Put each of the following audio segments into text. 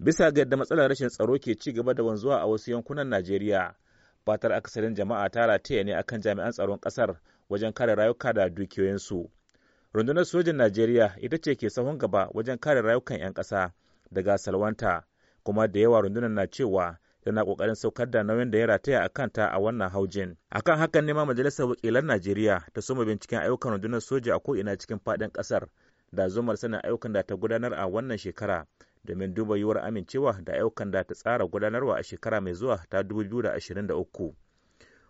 bisa ga yadda matsalar rashin tsaro ke ci gaba da wanzuwa a wasu yankunan najeriya fatar akasarin jama'a ta rataya ne akan jami'an tsaron kasar wajen kare rayuka da dukiyoyinsu rundunar sojin najeriya ita ce ke sahun gaba wajen kare rayukan 'yan ƙasa daga salwanta kuma da yawa rundunar na cewa tana kokarin saukar da nauyin da ya rataya a kanta a wannan haujin akan hakan ne ma majalisar wakilan najeriya ta soma binciken ayyukan rundunar soja a ko ina cikin faɗin ƙasar da zumar sanin ayyukan da ta gudanar a wannan shekara domin duba yiwuwar amincewa da ayyukan da ta tsara gudanarwa a shekara mai zuwa ta 2023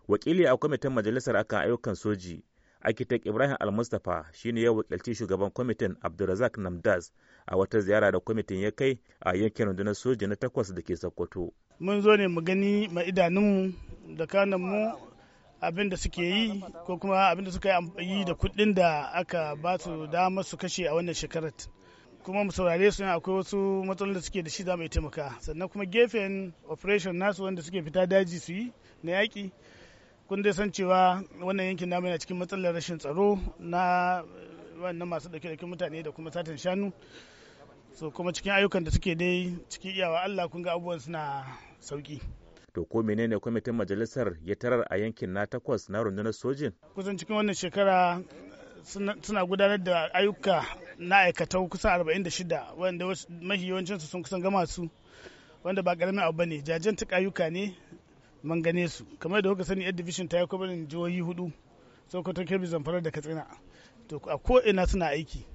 wakili a kwamitin majalisar akan ayyukan soji Akitek ibrahim al-mustapha almustapha shine ya wakilci shugaban kwamitin abdulrazak namdaz a wata ziyara da kwamitin ya kai a yankin rundunar soji na takwas da ke sokoto mun zo ne mu gani ma idanunmu da mu abin da suke yi ko kuma abin da suka yi da kuɗin da aka ba su damar su kashe a wannan shekarar kuma mu saurare su akwai wasu matsalolin da suke da shi za mu taimaka sannan kuma gefen operation nasu wanda suke fita daji su yi na yaki kun dai san cewa wannan yankin namu yana cikin matsalar rashin tsaro na wannan masu ɗauke-ɗauke mutane da kuma satin shanu so kuma cikin ayyukan da suke dai cikin iyawa Allah kun ga abubuwan suna sauki to ko menene kwamitin majalisar ya tarar a yankin na takwas na rundunar sojin kusan cikin wannan shekara suna gudanar da ayyuka na aikatau kusan 46 wanda mafi su sun kusan gama su wanda ba karamin abu bane jajen ta kayuka ne man gane su kamar da kuka sani yadda division ta yi kwabarin jihohi hudu sokoto kebbi zamfara da katsina to a ko ina suna aiki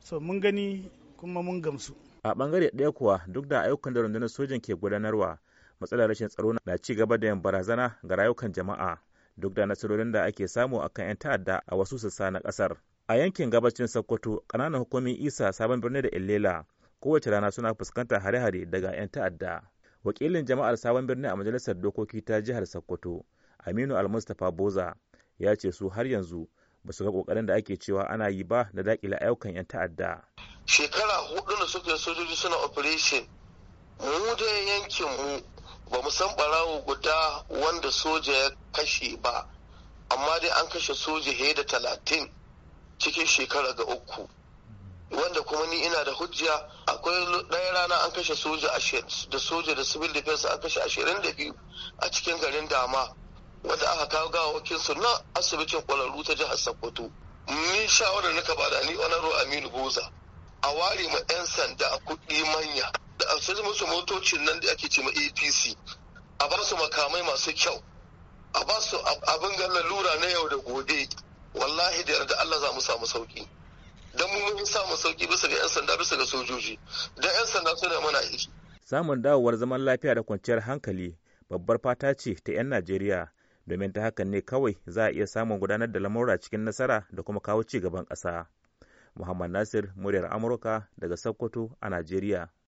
so mun gani kuma mun gamsu a bangare ɗaya kuwa duk da ayyukan da rundunar sojan ke gudanarwa matsalar rashin tsaro na ci gaba da yin barazana ga rayukan jama'a duk da nasarorin da ake samu akan 'yan ta'adda a wasu sassa na kasar. a yankin gabacin sokoto kananan hukumin isa sabon birni da illela kowace rana suna fuskantar hare-hare daga 'yan ta'adda wakilin jama'ar sabon birni a majalisar dokoki ta jihar sokoto aminu almustapha boza ya ce su har yanzu ba su ga kokarin da ake cewa ana yi ba na dakile ayyukan 'yan ta'adda shekara hudu da suka sojoji suna operation mu da yankin mu ba mu san barawo guda wanda soja ya kashe ba amma dai an kashe soja he da talatin cikin shekara ga uku wanda kuma ni ina da hujja akwai ɗaya rana an kashe soja da soja da civil defense an kashe ashirin da biyu a cikin garin dama wanda aka kawo gawawakin su na asibitin kwararru ta jihar sokoto ni shawarar ba da ni onaro aminu boza a ware ma 'yan sanda a kuɗi manya da a sai musu motocin nan da ake ce ma apc a ba su makamai masu kyau a ba su abin ga lura na yau da gobe wallahi da yarda Allah za mu samu sauki dan mu mun samu sauki bisa ga yan sanda bisa ga sojoji dan yan sanda suna mana aiki samun dawowar zaman lafiya da kwanciyar hankali babbar fata ce ta yan Najeriya domin ta hakan ne kawai za a iya samun gudanar da lamura cikin nasara da kuma kawo ci gaban ƙasa. Muhammad Nasir, muryar Amurka daga Sokoto a Najeriya.